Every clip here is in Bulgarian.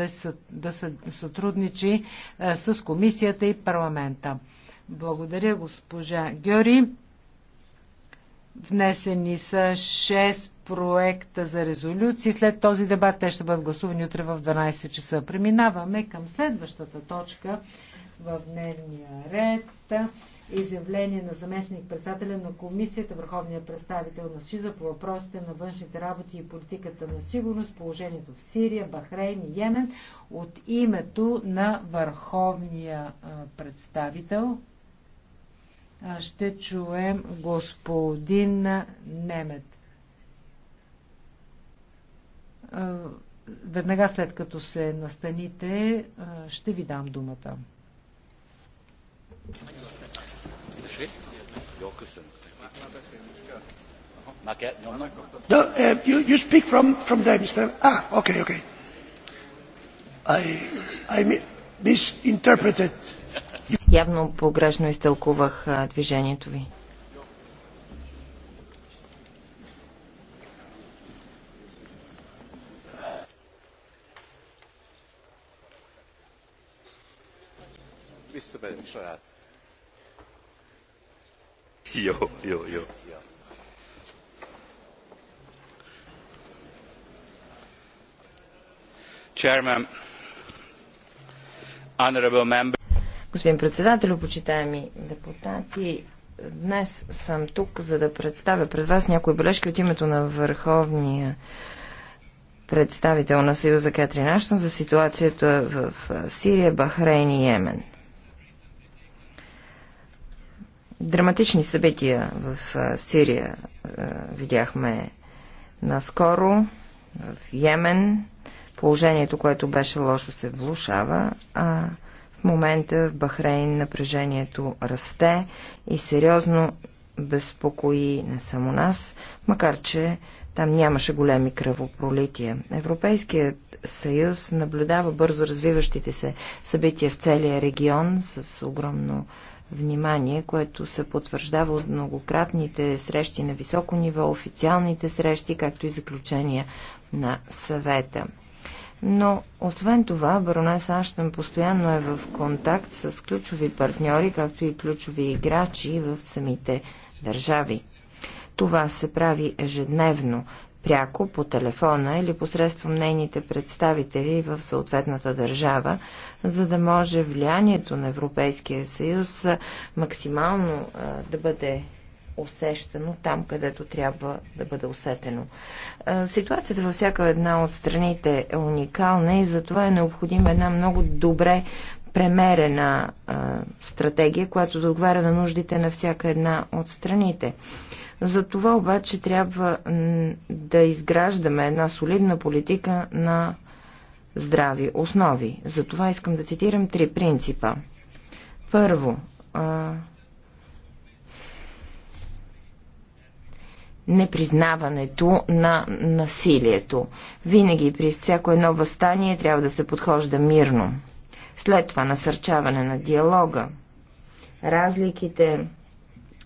да, са да съ, сътрудничи а, е, с комисията и парламента. Благодаря, госпожа Гьори. Внесени са 6 проекта за резолюции. След този дебат те ще бъдат гласувани утре в 12 часа. Преминаваме към следващата точка в дневния ред изявление на заместник председателя на комисията, върховния представител на СИЗА по въпросите на външните работи и политиката на сигурност, положението в Сирия, Бахрейн и Йемен от името на върховния представител. Ще чуем господин Немет. Веднага след като се настаните, ще ви дам думата. No, uh, you, you speak from, from there, Mr. Ah, okay, okay. I, I misinterpreted. Явно погрешно изтълкувах движението ви. Visszamegyek saját Jo, jo, jo. Chairman, honorable member. Господин председател, почитаеми депутати, днес съм тук, за да представя пред вас някои бележки от името на Върховния представител на Съюза Кетрин Нашна за ситуацията в Сирия, Бахрейн и Йемен драматични събития в Сирия видяхме наскоро, в Йемен. Положението, което беше лошо, се влушава, а в момента в Бахрейн напрежението расте и сериозно безпокои не само нас, макар че там нямаше големи кръвопролития. Европейският съюз наблюдава бързо развиващите се събития в целия регион с огромно внимание, което се потвърждава от многократните срещи на високо ниво, официалните срещи, както и заключения на съвета. Но, освен това, баронес Аштън постоянно е в контакт с ключови партньори, както и ключови играчи в самите държави. Това се прави ежедневно пряко по телефона или посредством нейните представители в съответната държава, за да може влиянието на Европейския съюз максимално да бъде усещано там, където трябва да бъде усетено. Ситуацията във всяка една от страните е уникална и затова е необходима една много добре премерена стратегия, която да отговаря на нуждите на всяка една от страните. За това обаче трябва да изграждаме една солидна политика на здрави основи. За това искам да цитирам три принципа. Първо, непризнаването на насилието. Винаги при всяко едно възстание трябва да се подхожда мирно. След това насърчаване на диалога, разликите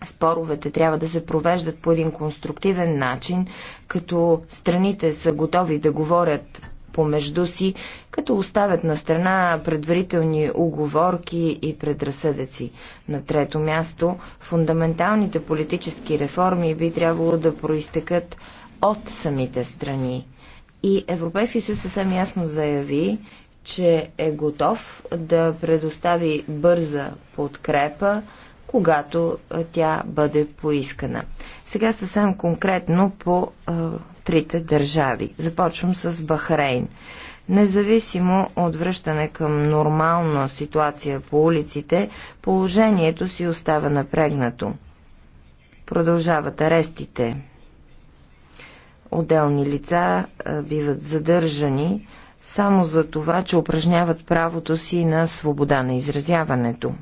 Споровете трябва да се провеждат по един конструктивен начин, като страните са готови да говорят помежду си, като оставят на страна предварителни оговорки и предразсъдъци. На трето място, фундаменталните политически реформи би трябвало да проистекат от самите страни. И Европейски съюз съвсем ясно заяви, че е готов да предостави бърза подкрепа когато тя бъде поискана. Сега съвсем конкретно по а, трите държави. Започвам с Бахрейн. Независимо от връщане към нормална ситуация по улиците, положението си остава напрегнато. Продължават арестите. Отделни лица а, биват задържани само за това, че упражняват правото си на свобода на изразяването.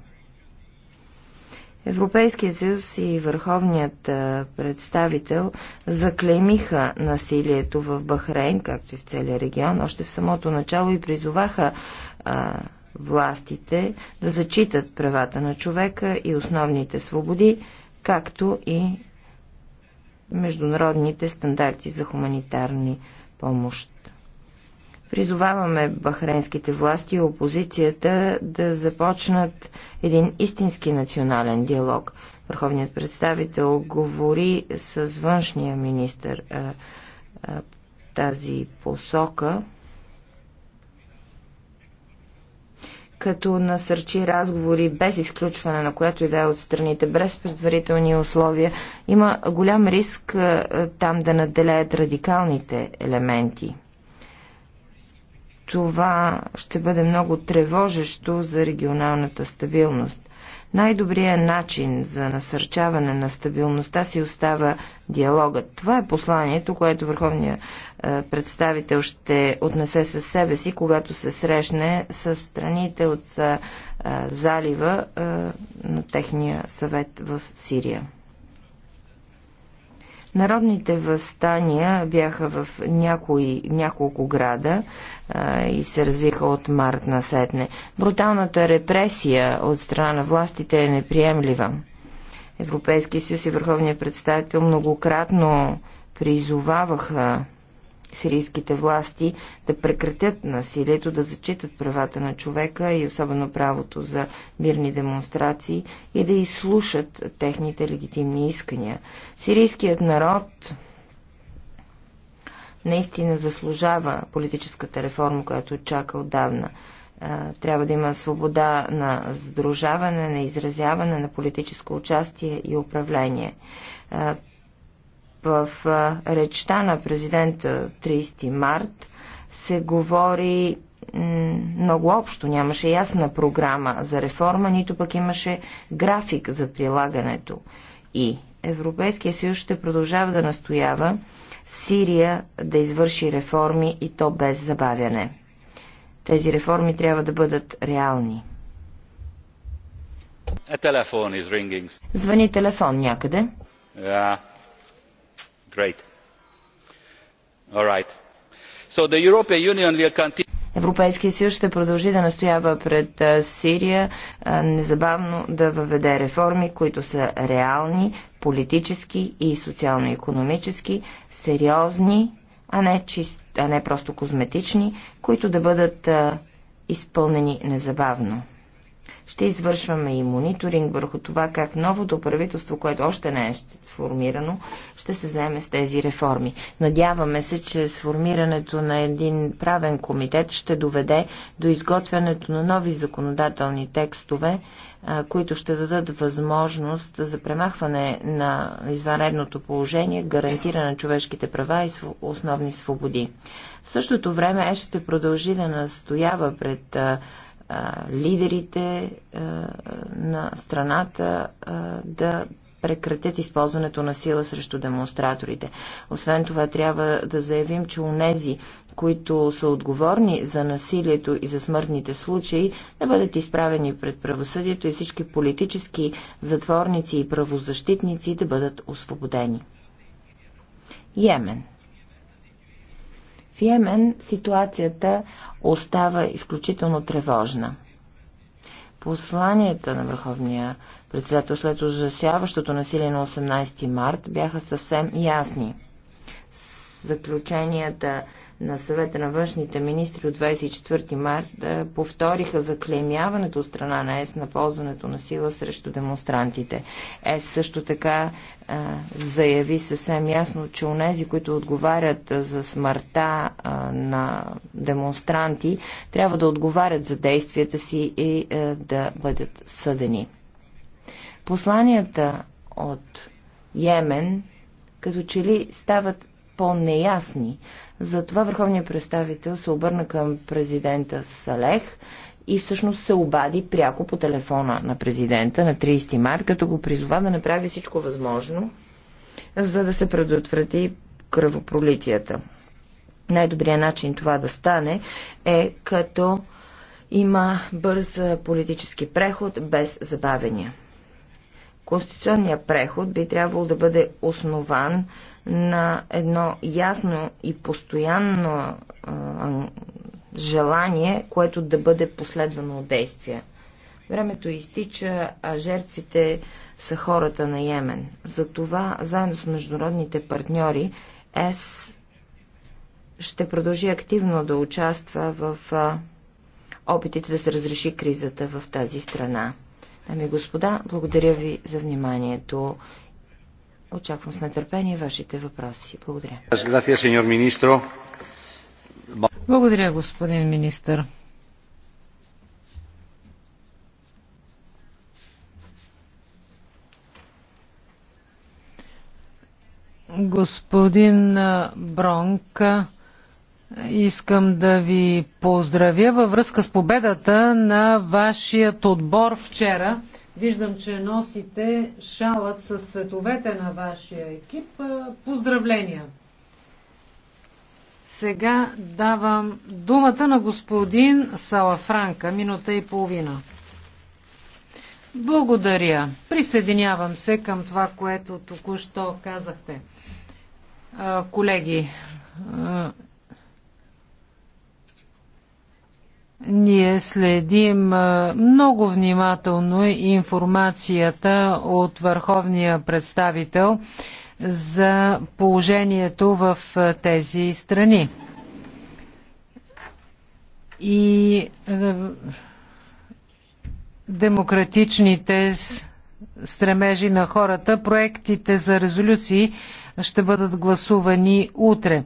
Европейският съюз и върховният представител заклеймиха насилието в Бахрейн, както и в целия регион, още в самото начало и призоваха а, властите да зачитат правата на човека и основните свободи, както и международните стандарти за хуманитарни помощ. Призоваваме бахренските власти и опозицията да започнат един истински национален диалог. Върховният представител говори с външния министр тази посока, като насърчи разговори без изключване на която и да е от страните, без предварителни условия, има голям риск там да наделеят радикалните елементи. Това ще бъде много тревожещо за регионалната стабилност. Най-добрият начин за насърчаване на стабилността си остава диалогът. Това е посланието, което върховният е, представител ще отнесе със себе си, когато се срещне с страните от е, залива е, на техния съвет в Сирия. Народните възстания бяха в някои, няколко града а, и се развиха от март на сетне. Бруталната репресия от страна на властите е неприемлива. Европейския съюз и Върховният представител многократно призоваваха сирийските власти да прекратят насилието, да зачитат правата на човека и особено правото за мирни демонстрации и да изслушат техните легитимни искания. Сирийският народ наистина заслужава политическата реформа, която е чака отдавна трябва да има свобода на сдружаване, на изразяване, на политическо участие и управление. В речта на президента 30 март се говори много общо. Нямаше ясна програма за реформа, нито пък имаше график за прилагането. И Европейския съюз ще продължава да настоява Сирия да извърши реформи и то без забавяне. Тези реформи трябва да бъдат реални. Звъни телефон някъде. Yeah. Европейския съюз ще продължи да настоява пред Сирия незабавно да въведе реформи, които са реални, политически и социално-економически, сериозни, а не, чист, а не просто козметични, които да бъдат изпълнени незабавно. Ще извършваме и мониторинг върху това как новото правителство, което още не е сформирано, ще се заеме с тези реформи. Надяваме се, че сформирането на един правен комитет ще доведе до изготвянето на нови законодателни текстове, които ще дадат възможност за премахване на извънредното положение, гарантиране на човешките права и основни свободи. В същото време ЕС ще продължи да настоява пред лидерите на страната да прекратят използването на сила срещу демонстраторите. Освен това, трябва да заявим, че унези, които са отговорни за насилието и за смъртните случаи, да бъдат изправени пред правосъдието и всички политически затворници и правозащитници да бъдат освободени. Йемен – в Йемен ситуацията остава изключително тревожна. Посланията на Върховния председател след ужасяващото насилие на 18 март бяха съвсем ясни. Заключенията на съвета на външните министри от 24 марта повториха заклеймяването от страна на ЕС на ползването на сила срещу демонстрантите. ЕС също така а, заяви съвсем ясно, че онези, които отговарят за смъртта а, на демонстранти, трябва да отговарят за действията си и а, да бъдат съдени. Посланията от Йемен като че ли стават по-неясни, затова върховният представител се обърна към президента Салех и всъщност се обади пряко по телефона на президента на 30 март, като го призова да направи всичко възможно, за да се предотврати кръвопролитията. Най-добрият начин това да стане е като има бърз политически преход без забавения. Конституционният преход би трябвало да бъде основан на едно ясно и постоянно а, желание, което да бъде последвано от действия. Времето изтича, а жертвите са хората на Йемен. Затова, заедно с международните партньори, ЕС ще продължи активно да участва в опитите да се разреши кризата в тази страна. Дами и господа, благодаря ви за вниманието Очаквам с нетърпение вашите въпроси. Благодаря. Благодаря, господин министр. Господин Бронк, искам да ви поздравя във връзка с победата на вашият отбор вчера. Виждам, че носите шалът с световете на вашия екип. Поздравления! Сега давам думата на господин Салафранка, минута и половина. Благодаря. Присъединявам се към това, което току-що казахте. Колеги, Ние следим много внимателно информацията от върховния представител за положението в тези страни. И демократичните стремежи на хората. Проектите за резолюции ще бъдат гласувани утре.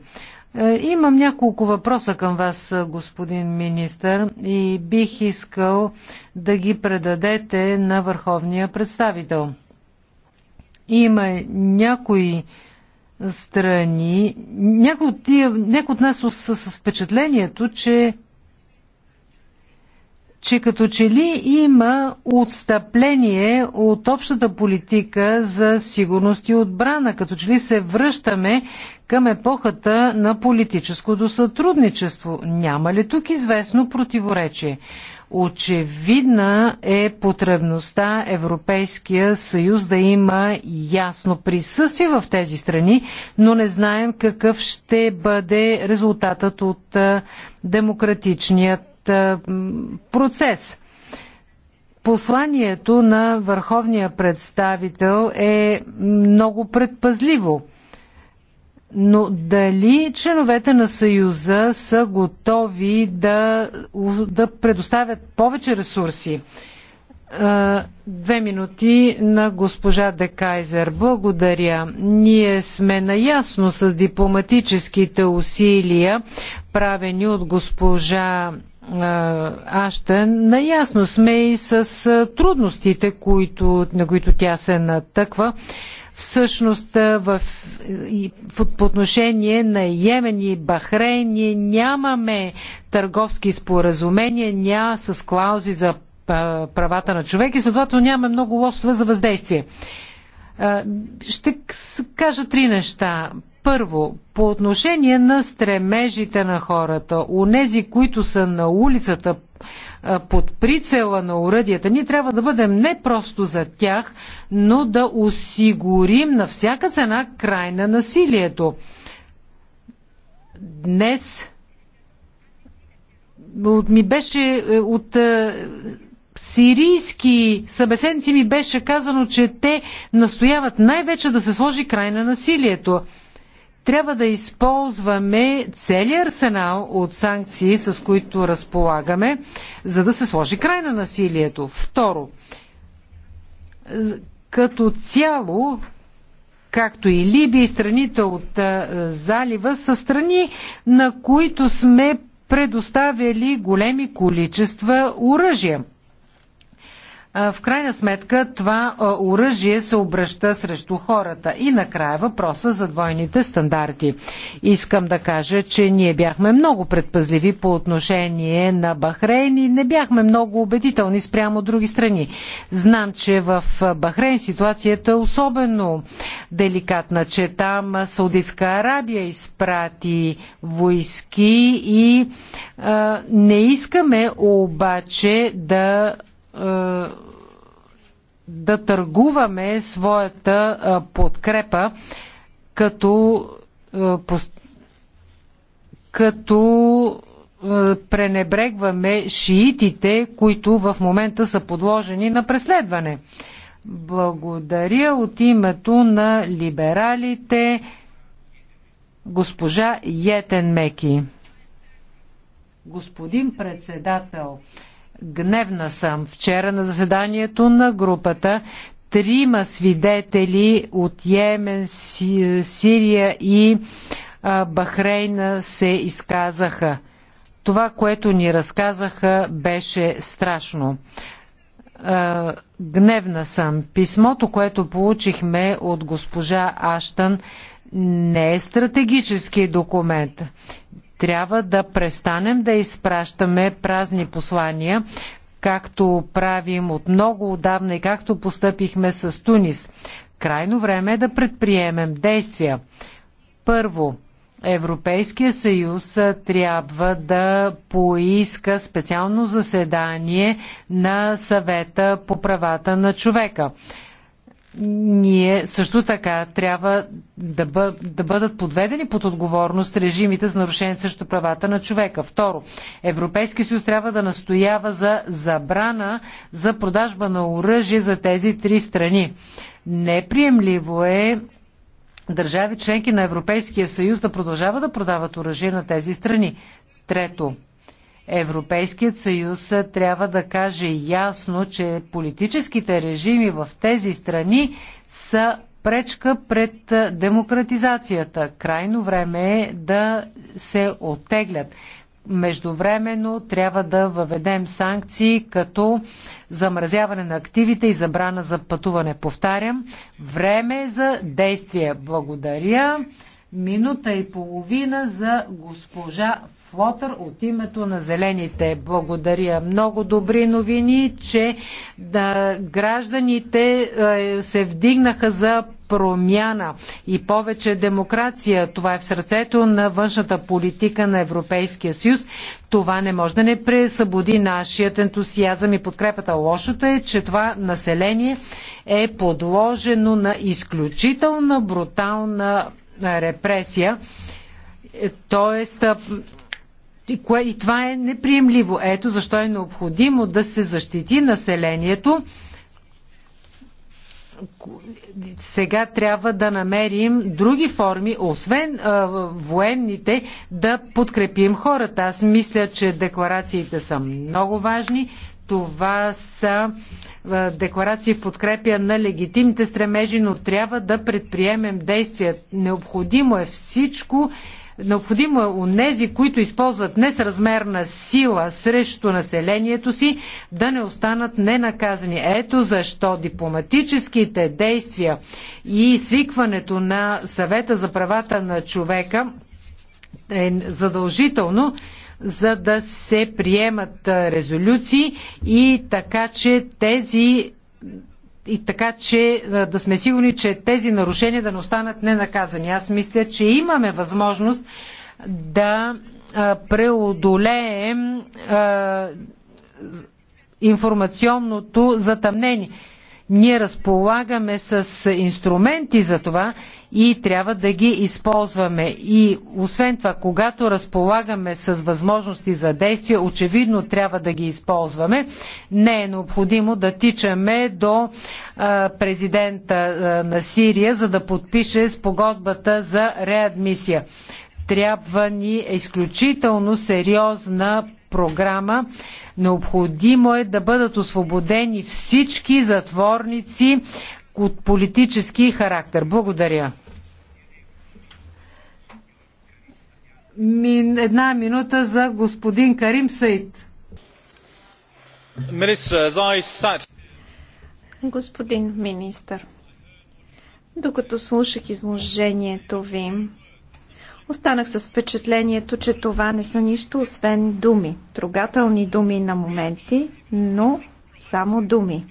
Е, имам няколко въпроса към вас, е, господин министър, и бих искал да ги предадете на върховния представител. Има някои страни, някои от, тия, някои от нас са с впечатлението, че че като че ли има отстъпление от общата политика за сигурност и отбрана, като че ли се връщаме към епохата на политическото сътрудничество. Няма ли тук известно противоречие? Очевидна е потребността Европейския съюз да има ясно присъствие в тези страни, но не знаем какъв ще бъде резултатът от демократичният е, процес. Посланието на върховния представител е много предпазливо. Но дали членовете на Съюза са готови да, да предоставят повече ресурси? Е, две минути на госпожа Декайзер. Благодаря. Ние сме наясно с дипломатическите усилия, правени от госпожа ще Наясно сме и с трудностите, които, на които тя се натъква. Всъщност, в, в, по отношение на Йемен и Бахрейн, ние нямаме търговски споразумения, няма с клаузи за правата на човек и следователно нямаме много лостове за въздействие. Ще кажа три неща. Първо, по отношение на стремежите на хората, онези, които са на улицата под прицела на уръдията, ние трябва да бъдем не просто за тях, но да осигурим на всяка цена край на насилието. Днес е, ми беше е, от е, сирийски събеседници ми беше казано, че те настояват най-вече да се сложи край на насилието. Трябва да използваме целият арсенал от санкции, с които разполагаме, за да се сложи край на насилието. Второ, като цяло както и Либия и страните от а, залива, са страни, на които сме предоставили големи количества оръжия в крайна сметка това оръжие се обръща срещу хората. И накрая въпроса за двойните стандарти. Искам да кажа, че ние бяхме много предпазливи по отношение на Бахрейн и не бяхме много убедителни спрямо други страни. Знам, че в Бахрейн ситуацията е особено деликатна, че там Саудитска Арабия изпрати войски и а, не искаме обаче да да търгуваме своята подкрепа, като, като пренебрегваме шиитите, които в момента са подложени на преследване. Благодаря от името на либералите госпожа Йетен Меки. Господин председател, Гневна съм. Вчера на заседанието на групата трима свидетели от Йемен, Сирия и Бахрейна се изказаха. Това, което ни разказаха, беше страшно. Гневна съм. Писмото, което получихме от госпожа Аштан, не е стратегически документ. Трябва да престанем да изпращаме празни послания, както правим от много отдавна и както постъпихме с Тунис. Крайно време е да предприемем действия. Първо, Европейския съюз трябва да поиска специално заседание на съвета по правата на човека ние също така трябва да, бъ, да бъдат подведени под отговорност режимите за нарушение срещу правата на човека. Второ, Европейски съюз трябва да настоява за забрана за продажба на оръжие за тези три страни. Неприемливо е държави членки на Европейския съюз да продължават да продават оръжие на тези страни. Трето, Европейският съюз трябва да каже ясно, че политическите режими в тези страни са пречка пред демократизацията. Крайно време е да се оттеглят. Междувременно трябва да въведем санкции като замразяване на активите и забрана за пътуване. Повтарям, време е за действие. Благодаря. Минута и половина за госпожа Флотър от името на Зелените. Благодаря. Много добри новини, че да, гражданите е, се вдигнаха за промяна и повече демокрация. Това е в сърцето на външната политика на Европейския съюз. Това не може да не пресъбуди нашият ентусиазъм и подкрепата. Лошото е, че това население е подложено на изключителна брутална репресия. Тоест, и, кое, и това е неприемливо. Ето защо е необходимо да се защити населението. Сега трябва да намерим други форми, освен а, военните, да подкрепим хората. Аз мисля, че декларациите са много важни. Това са а, декларации в подкрепя на легитимните стремежи, но трябва да предприемем действия. Необходимо е всичко Необходимо е унези, които използват несразмерна сила срещу населението си, да не останат ненаказани. Ето защо дипломатическите действия и свикването на съвета за правата на човека е задължително за да се приемат резолюции и така, че тези и така, че да сме сигурни, че тези нарушения да не останат ненаказани. Аз мисля, че имаме възможност да преодолеем информационното затъмнение. Ние разполагаме с инструменти за това и трябва да ги използваме. И освен това, когато разполагаме с възможности за действие, очевидно трябва да ги използваме. Не е необходимо да тичаме до президента на Сирия, за да подпише спогодбата за реадмисия. Трябва ни е изключително сериозна програма Необходимо е да бъдат освободени всички затворници от политически характер. Благодаря. Мин, една минута за господин Карим Саид. Господин министър, докато слушах изложението ви, Останах с впечатлението, че това не са нищо, освен думи. Трогателни думи на моменти, но само думи.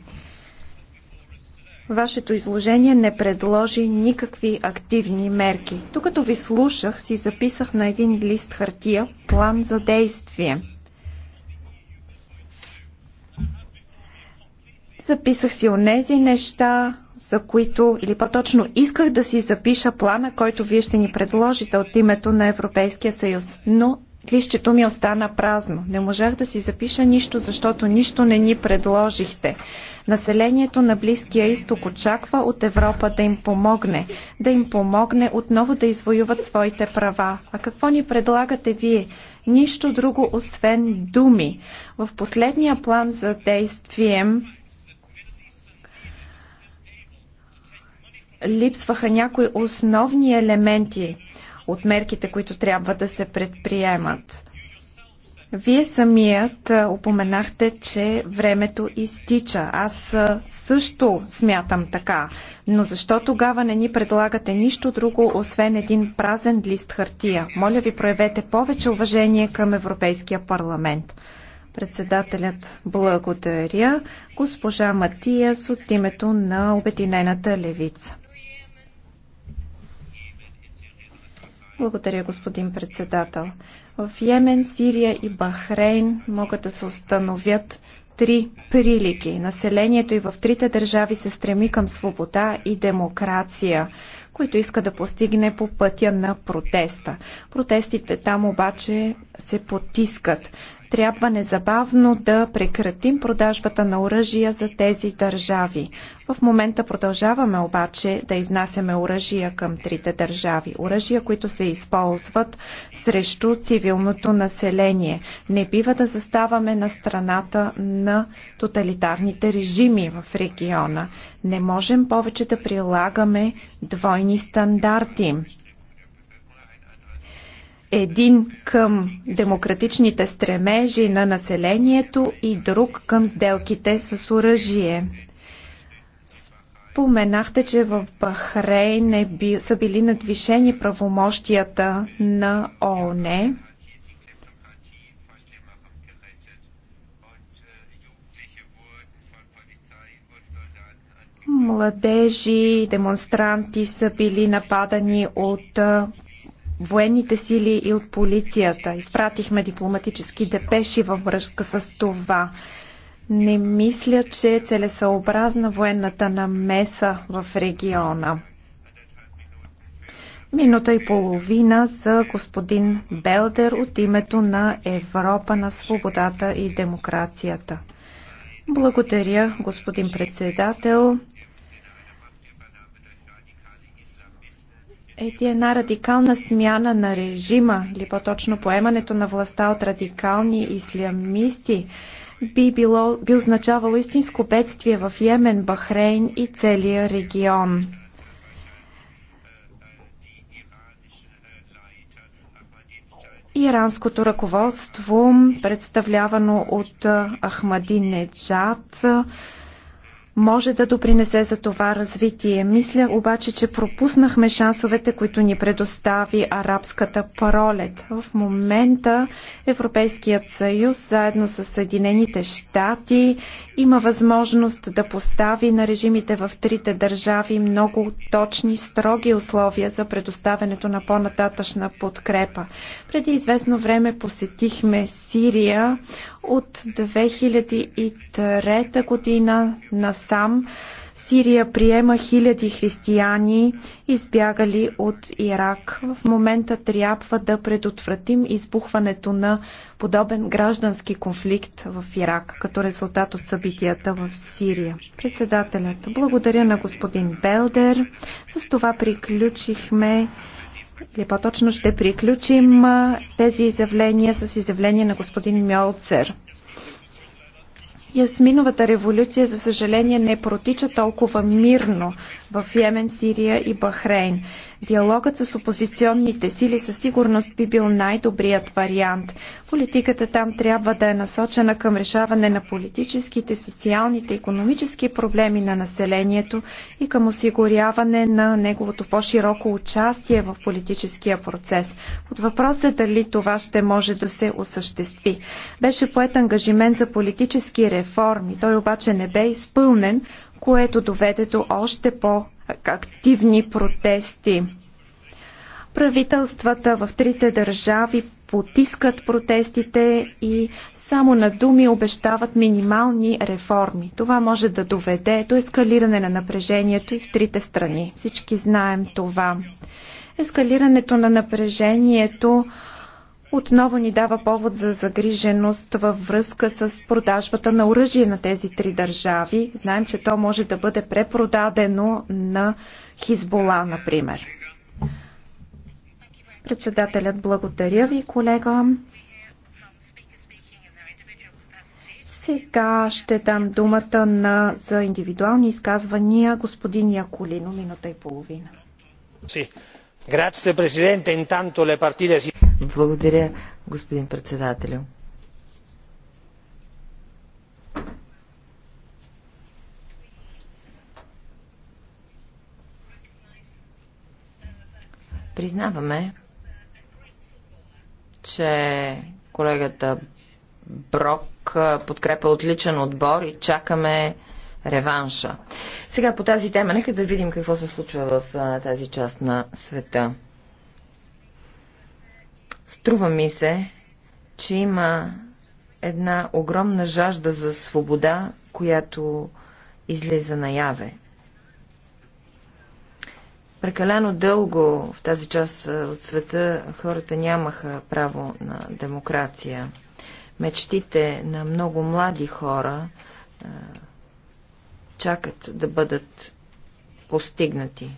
Вашето изложение не предложи никакви активни мерки. Тук като ви слушах, си записах на един лист хартия план за действие. Записах си онези неща, за които, или по-точно исках да си запиша плана, който вие ще ни предложите от името на Европейския съюз. Но лището ми остана празно. Не можах да си запиша нищо, защото нищо не ни предложихте. Населението на Близкия изток очаква от Европа да им помогне, да им помогне отново да извоюват своите права. А какво ни предлагате вие? Нищо друго, освен думи. В последния план за действие липсваха някои основни елементи от мерките, които трябва да се предприемат. Вие самият упоменахте, че времето изтича. Аз също смятам така. Но защо тогава не ни предлагате нищо друго, освен един празен лист хартия? Моля ви, проявете повече уважение към Европейския парламент. Председателят благодаря госпожа Матиас от името на Обединената левица. Благодаря, господин председател. В Йемен, Сирия и Бахрейн могат да се установят три прилики. Населението и в трите държави се стреми към свобода и демокрация, които иска да постигне по пътя на протеста. Протестите там обаче се потискат трябва незабавно да прекратим продажбата на оръжия за тези държави. В момента продължаваме обаче да изнасяме оръжия към трите държави. Оръжия, които се използват срещу цивилното население. Не бива да заставаме на страната на тоталитарните режими в региона. Не можем повече да прилагаме двойни стандарти един към демократичните стремежи на населението и друг към сделките с оръжие. Споменахте, че в Бахрейн е би, са били надвишени правомощията на ООН. Младежи, демонстранти са били нападани от военните сили и от полицията. Изпратихме дипломатически депеши във връзка с това. Не мисля, че е целесъобразна военната намеса в региона. Минута и половина за господин Белдер от името на Европа на свободата и демокрацията. Благодаря, господин председател. Ети е една радикална смяна на режима, или по-точно поемането на властта от радикални ислямисти, би, било, би означавало истинско бедствие в Йемен, Бахрейн и целия регион. Иранското ръководство, представлявано от Ахмадин Неджад, може да допринесе за това развитие. Мисля обаче, че пропуснахме шансовете, които ни предостави арабската пролет. В момента Европейският съюз, заедно с Съединените щати има възможност да постави на режимите в трите държави много точни, строги условия за предоставянето на по-нататъчна подкрепа. Преди известно време посетихме Сирия от 2003 година насам. Сирия приема хиляди християни, избягали от Ирак. В момента трябва да предотвратим избухването на подобен граждански конфликт в Ирак, като резултат от събитията в Сирия. Председателят, благодаря на господин Белдер. С това приключихме или по-точно ще приключим тези изявления с изявление на господин Мьолцер. Ясминовата революция, за съжаление, не протича толкова мирно в Йемен, Сирия и Бахрейн. Диалогът с опозиционните сили със сигурност би бил най-добрият вариант. Политиката там трябва да е насочена към решаване на политическите, социалните, економически проблеми на населението и към осигуряване на неговото по-широко участие в политическия процес. От въпрос е дали това ще може да се осъществи. Беше поет ангажимент за политически реформи, той обаче не бе изпълнен, което доведе до още по активни протести. Правителствата в трите държави потискат протестите и само на думи обещават минимални реформи. Това може да доведе до ескалиране на напрежението и в трите страни. Всички знаем това. Ескалирането на напрежението отново ни дава повод за загриженост във връзка с продажбата на оръжие на тези три държави. Знаем, че то може да бъде препродадено на Хизбола, например. Председателят, благодаря ви, колега. Сега ще дам думата на, за индивидуални изказвания господин Яколино, минута и половина. Грация, президент, интанто ле партиде си. Благодаря, господин председателю. Признаваме, че колегата Брок подкрепа отличен отбор и чакаме реванша. Сега по тази тема, нека да видим какво се случва в тази част на света. Струва ми се, че има една огромна жажда за свобода, която излиза наяве. Прекалено дълго в тази част от света хората нямаха право на демокрация. Мечтите на много млади хора чакат да бъдат постигнати.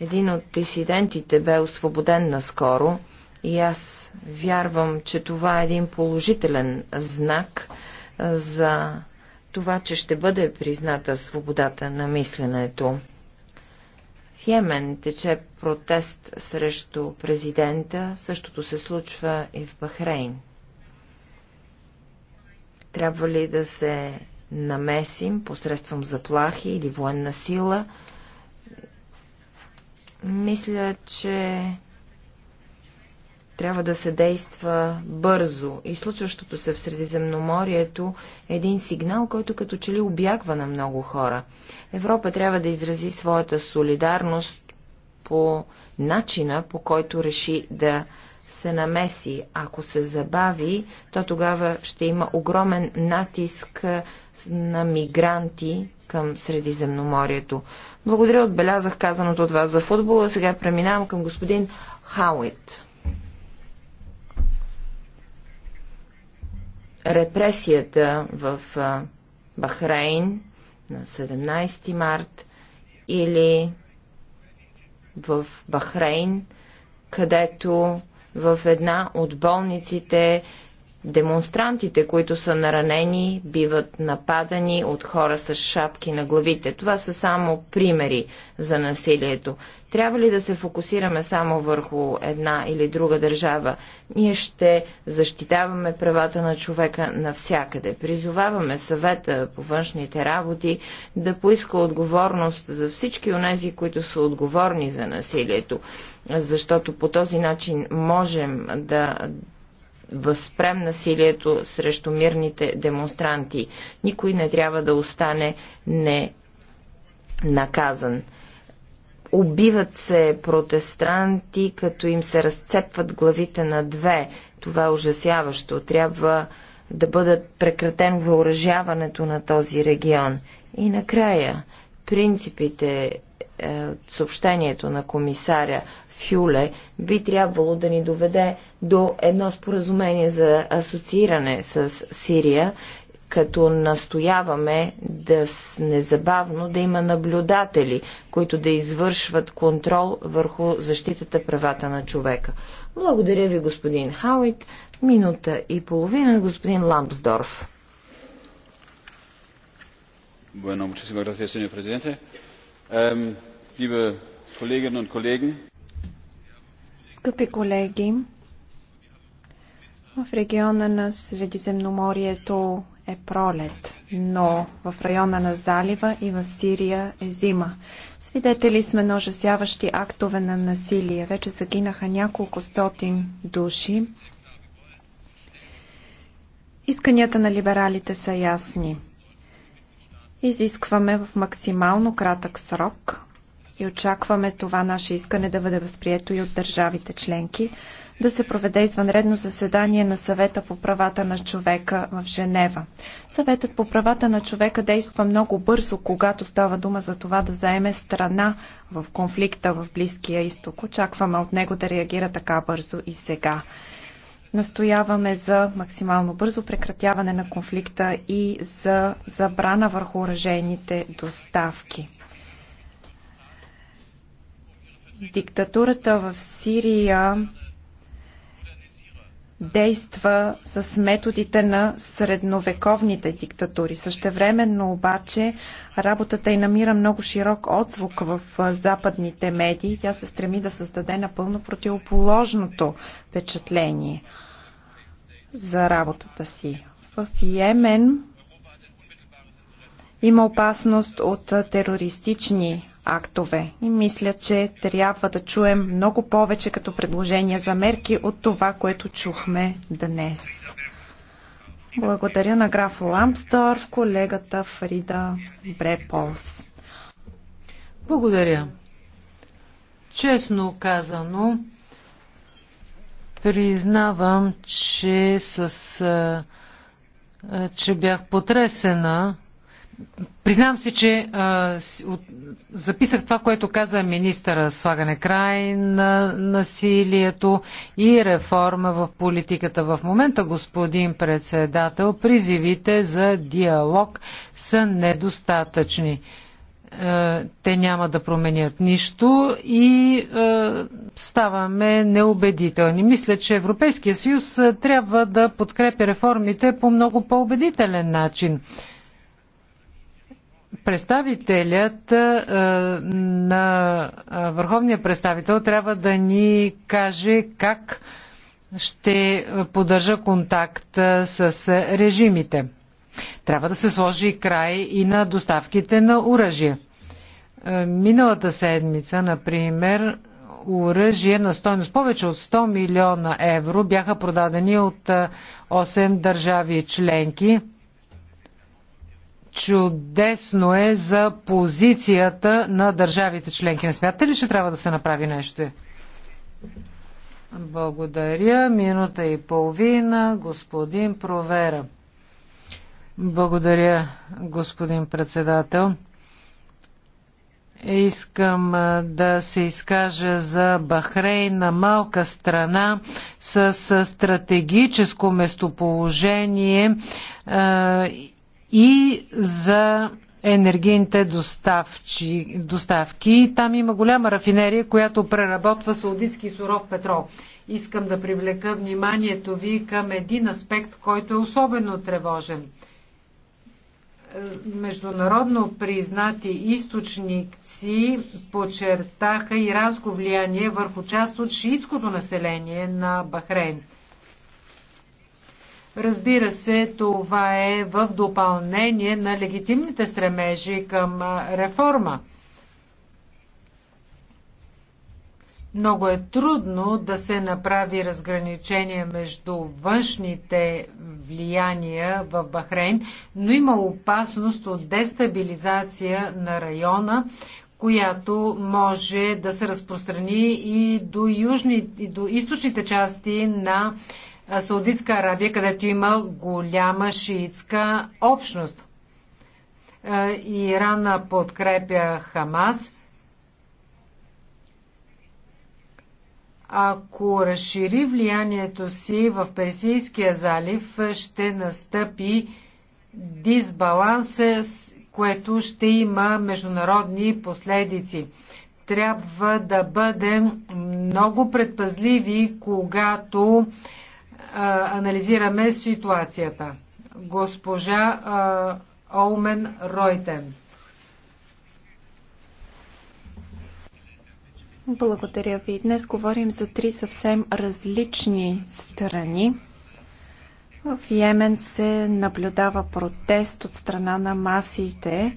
Един от дисидентите бе освободен наскоро и аз вярвам, че това е един положителен знак за това, че ще бъде призната свободата на мисленето. В Йемен тече протест срещу президента, същото се случва и в Бахрейн. Трябва ли да се намесим посредством заплахи или военна сила – мисля, че трябва да се действа бързо и случващото се в Средиземноморието е един сигнал, който като че ли обягва на много хора. Европа трябва да изрази своята солидарност по начина, по който реши да се намеси. Ако се забави, то тогава ще има огромен натиск на мигранти към Средиземноморието. Благодаря, отбелязах казаното от вас за футбола. Сега преминавам към господин Хауит. Репресията в Бахрейн на 17 март или в Бахрейн, където в една от болниците Демонстрантите, които са наранени, биват нападани от хора с шапки на главите. Това са само примери за насилието. Трябва ли да се фокусираме само върху една или друга държава? Ние ще защитаваме правата на човека навсякъде. Призоваваме съвета по външните работи да поиска отговорност за всички онези, които са отговорни за насилието, защото по този начин можем да възпрем насилието срещу мирните демонстранти. Никой не трябва да остане не наказан. Убиват се протестанти, като им се разцепват главите на две. Това е ужасяващо. Трябва да бъдат прекратен въоръжаването на този регион. И накрая, принципите, е, съобщението на комисаря Фюле би трябвало да ни доведе до едно споразумение за асоцииране с Сирия, като настояваме да незабавно да има наблюдатели, които да извършват контрол върху защитата правата на човека. Благодаря ви, господин Хауит. Минута и половина, господин Лампсдорф. Bueno, muchísimas gracias, señor presidente. Um, liebe Kolleginnen und Kollegen, Скъпи колеги, в региона на Средиземноморието е пролет, но в района на залива и в Сирия е зима. Свидетели сме на ужасяващи актове на насилие. Вече загинаха няколко стотин души. Исканията на либералите са ясни. Изискваме в максимално кратък срок и очакваме това наше искане да бъде възприето и от държавите членки, да се проведе извънредно заседание на съвета по правата на човека в Женева. Съветът по правата на човека действа много бързо, когато става дума за това да заеме страна в конфликта в Близкия изток. Очакваме от него да реагира така бързо и сега. Настояваме за максимално бързо прекратяване на конфликта и за забрана върху оръжейните доставки. Диктатурата в Сирия действа с методите на средновековните диктатури. Същевременно обаче работата й намира много широк отзвук в западните медии. Тя се стреми да създаде напълно противоположното впечатление за работата си. В Йемен има опасност от терористични актове. И мисля, че трябва да чуем много повече като предложения за мерки от това, което чухме днес. Благодаря на граф Ламстор, колегата Фрида Бреполс. Благодаря. Честно казано, признавам, че с че бях потресена Признавам си, че а, от, записах това, което каза министъра слагане край на насилието и реформа в политиката. В момента, господин председател, призивите за диалог са недостатъчни. А, е, те няма да променят нищо и а, е, ставаме неубедителни. Мисля, че Европейския съюз е, трябва да подкрепи реформите по много по-убедителен начин представителят на върховния представител трябва да ни каже как ще поддържа контакт с режимите. Трябва да се сложи край и на доставките на оръжие. Миналата седмица, например, оръжие на стойност повече от 100 милиона евро бяха продадени от 8 държави членки чудесно е за позицията на държавите членки. Не смятате ли, че трябва да се направи нещо? Благодаря. Минута и половина. Господин Провера. Благодаря, господин председател. Искам да се изкажа за Бахрейна, на малка страна с стратегическо местоположение и за енергийните доставчи, доставки. Там има голяма рафинерия, която преработва саудитски суров петрол. Искам да привлека вниманието ви към един аспект, който е особено тревожен. Международно признати източници подчертаха иранско влияние върху част от шиитското население на Бахрейн – Разбира се, това е в допълнение на легитимните стремежи към реформа. Много е трудно да се направи разграничение между външните влияния в Бахрейн, но има опасност от дестабилизация на района, която може да се разпространи и до, южни, и до източните части на Саудитска Арабия, където има голяма шиитска общност. Иран подкрепя Хамас. Ако разшири влиянието си в Персийския залив, ще настъпи дисбаланс, което ще има международни последици трябва да бъдем много предпазливи, когато анализираме ситуацията. Госпожа Олмен Ройтен. Благодаря ви. Днес говорим за три съвсем различни страни. В Йемен се наблюдава протест от страна на масите.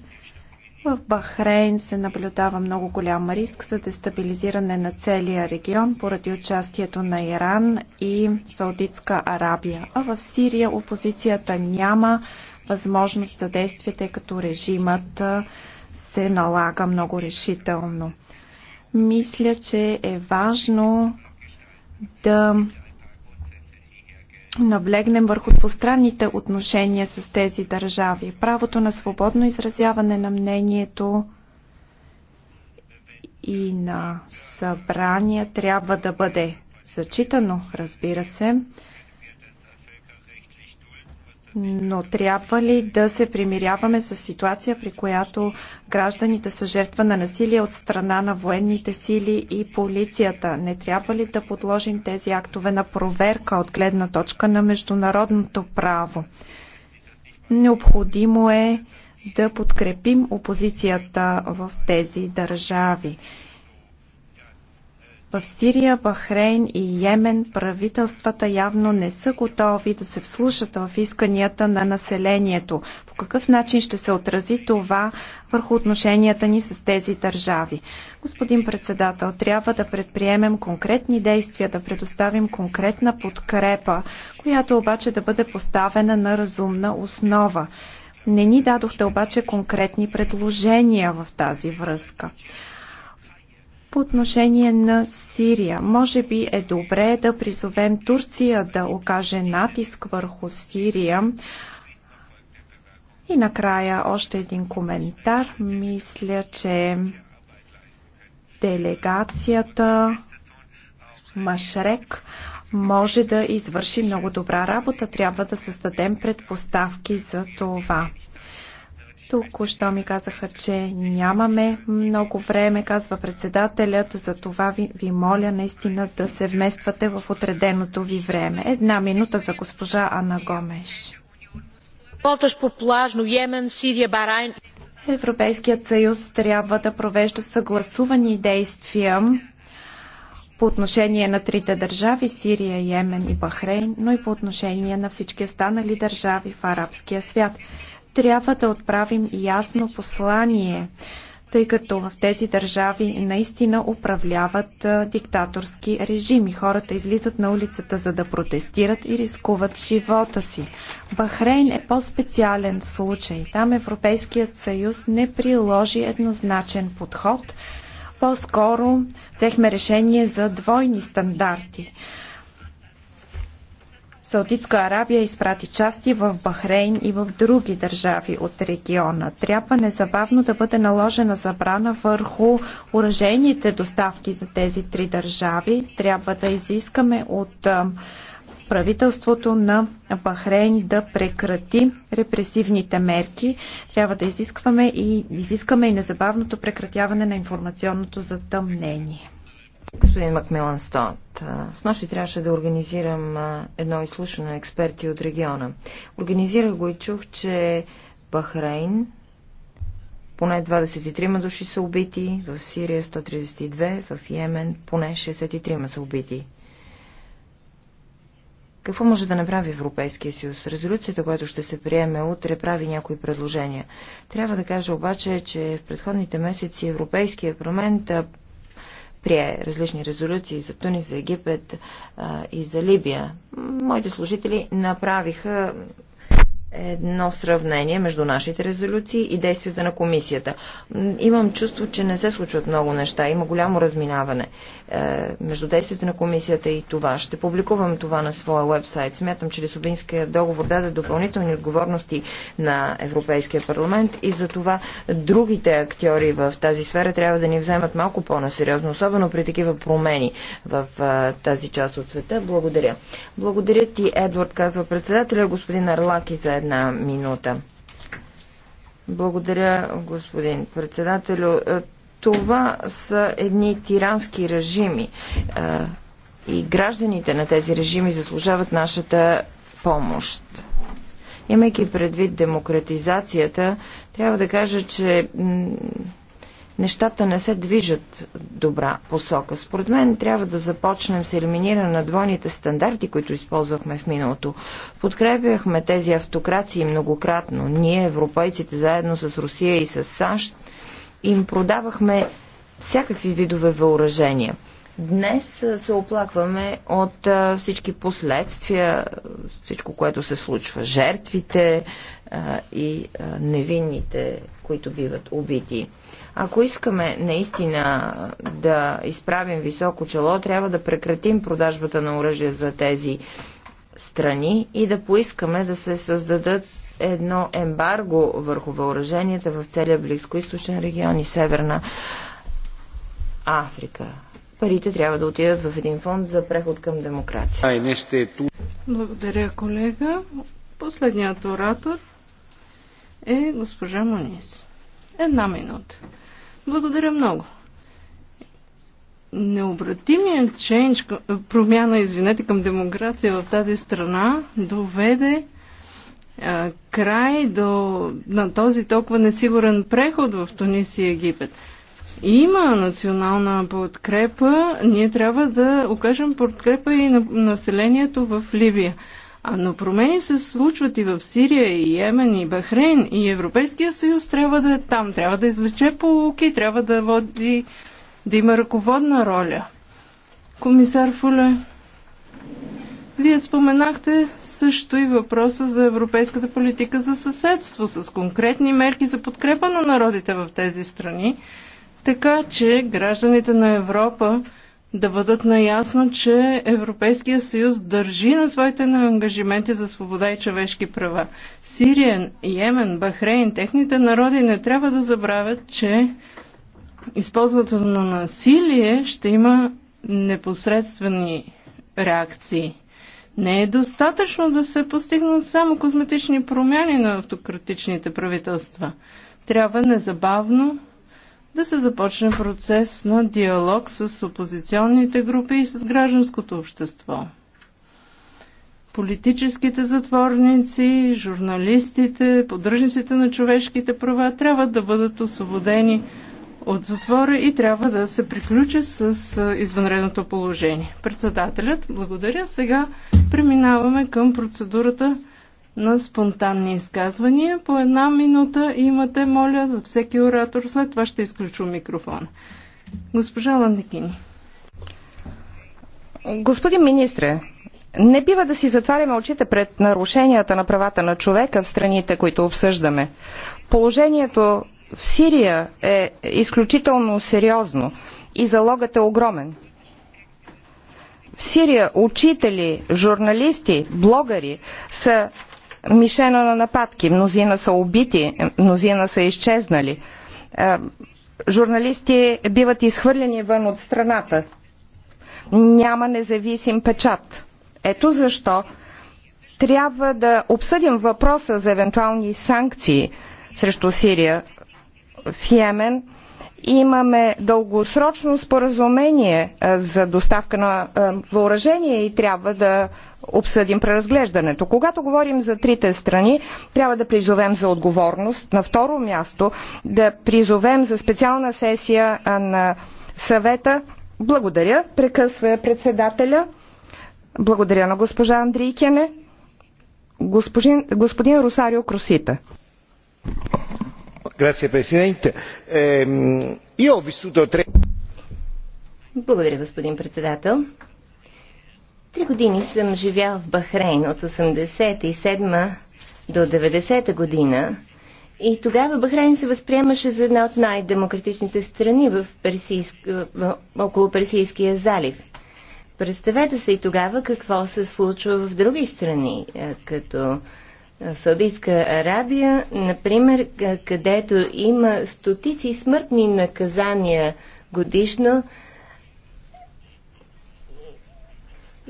В Бахрейн се наблюдава много голям риск за дестабилизиране на целия регион поради участието на Иран и Саудитска Арабия. А в Сирия опозицията няма възможност за действие, тъй като режимът се налага много решително. Мисля, че е важно да наблегнем върху двустранните отношения с тези държави, правото на свободно изразяване на мнението и на събрания трябва да бъде зачитано, разбира се, но трябва ли да се примиряваме с ситуация, при която гражданите са жертва на насилие от страна на военните сили и полицията? Не трябва ли да подложим тези актове на проверка от гледна точка на международното право? Необходимо е да подкрепим опозицията в тези държави. В Сирия, Бахрейн и Йемен правителствата явно не са готови да се вслушат в исканията на населението. По какъв начин ще се отрази това върху отношенията ни с тези държави? Господин председател, трябва да предприемем конкретни действия, да предоставим конкретна подкрепа, която обаче да бъде поставена на разумна основа. Не ни дадохте обаче конкретни предложения в тази връзка по отношение на Сирия. Може би е добре да призовем Турция да окаже натиск върху Сирия. И накрая още един коментар. Мисля, че делегацията Машрек може да извърши много добра работа. Трябва да създадем предпоставки за това. Току-що ми казаха, че нямаме много време, казва председателят, за това ви, ви моля наистина да се вмествате в отреденото ви време. Една минута за госпожа Ана Гомеш. Европейският съюз трябва да провежда съгласувани действия по отношение на трите държави Сирия, Йемен и Бахрейн, но и по отношение на всички останали държави в арабския свят трябва да отправим ясно послание, тъй като в тези държави наистина управляват диктаторски режими. Хората излизат на улицата за да протестират и рискуват живота си. Бахрейн е по-специален случай. Там Европейският съюз не приложи еднозначен подход. По-скоро взехме решение за двойни стандарти. Саудитска Арабия изпрати части в Бахрейн и в други държави от региона. Трябва незабавно да бъде наложена забрана върху уражените доставки за тези три държави. Трябва да изискаме от правителството на Бахрейн да прекрати репресивните мерки. Трябва да изискваме и, изискаме и незабавното прекратяване на информационното затъмнение. Господин Макмилан Стот, с нощи трябваше да организирам едно изслушване на експерти от региона. Организирах го и чух, че Бахрейн, поне 23 души са убити, в Сирия 132, в Йемен поне 63 са убити. Какво може да направи Европейския съюз? Резолюцията, която ще се приеме утре, прави някои предложения. Трябва да кажа обаче, че в предходните месеци Европейския парламент прие различни резолюции за Тунис, за Египет а, и за Либия. Моите служители направиха едно сравнение между нашите резолюции и действията на комисията. Имам чувство, че не се случват много неща. Има голямо разминаване е, между действията на комисията и това. Ще публикувам това на своя вебсайт. Смятам, че Лисобинския договор даде допълнителни отговорности на Европейския парламент и за това другите актьори в тази сфера трябва да ни вземат малко по-насериозно, особено при такива промени в е, тази част от света. Благодаря. Благодаря ти, Едвард, казва председателя, господин Арлаки за една минута. Благодаря, господин председателю. Е, това са едни тирански режими е, и гражданите на тези режими заслужават нашата помощ. Имайки предвид демократизацията, трябва да кажа, че нещата не се движат добра посока. Според мен трябва да започнем с елиминиране на двойните стандарти, които използвахме в миналото. Подкрепяхме тези автокрации многократно. Ние, европейците, заедно с Русия и с САЩ, им продавахме всякакви видове въоръжения. Днес се оплакваме от всички последствия, всичко, което се случва. Жертвите и невинните които биват убити. Ако искаме наистина да изправим високо чело, трябва да прекратим продажбата на оръжие за тези страни и да поискаме да се създадат едно ембарго върху въоръженията в целия Близкоисточен регион и Северна Африка. Парите трябва да отидат в един фонд за преход към демокрация. Благодаря, колега. Последният оратор е госпожа Монис. Една минута. Благодаря много. Необратимия ченч, промяна, извинете, към демокрация в тази страна доведе а, край до, на този толкова несигурен преход в Тунис и Египет. Има национална подкрепа, ние трябва да окажем подкрепа и на населението в Ливия. А, но промени се случват и в Сирия, и Йемен, и Бахрейн, и Европейския съюз трябва да е там, трябва да извлече полуки, трябва да води, да има ръководна роля. Комисар Фуле, вие споменахте също и въпроса за европейската политика за съседство с конкретни мерки за подкрепа на народите в тези страни, така че гражданите на Европа да бъдат наясно, че Европейския съюз държи на своите ангажименти за свобода и човешки права. Сирия, Йемен, Бахрейн, техните народи не трябва да забравят, че използването на насилие ще има непосредствени реакции. Не е достатъчно да се постигнат само козметични промяни на автократичните правителства. Трябва незабавно да се започне процес на диалог с опозиционните групи и с гражданското общество. Политическите затворници, журналистите, поддръжниците на човешките права трябва да бъдат освободени от затвора и трябва да се приключи с извънредното положение. Председателят, благодаря. Сега преминаваме към процедурата на спонтанни изказвания. По една минута имате, моля, за всеки оратор. След това ще изключвам микрофона. Госпожа Ландекини. Господин министре, не бива да си затваряме очите пред нарушенията на правата на човека в страните, които обсъждаме. Положението в Сирия е изключително сериозно и залогът е огромен. В Сирия учители, журналисти, блогъри са мишена на нападки. Мнозина са убити, мнозина са изчезнали. Е, журналисти биват изхвърлени вън от страната. Няма независим печат. Ето защо трябва да обсъдим въпроса за евентуални санкции срещу Сирия в Йемен. Имаме дългосрочно споразумение е, за доставка на е, въоръжение и трябва да обсъдим преразглеждането. Когато говорим за трите страни, трябва да призовем за отговорност. На второ място да призовем за специална сесия на съвета. Благодаря, прекъсва председателя. Благодаря на госпожа Андрийкене. Господин, господин Русарио Кросита. Грация, президент. Е, Благодаря, господин председател. Три години съм живял в Бахрейн от 87 до 90 година и тогава Бахрейн се възприемаше за една от най-демократичните страни в Персийск... около Персийския залив. Представете се и тогава какво се случва в други страни, е, като е, Саудитска Арабия, например, е, където има стотици смъртни наказания годишно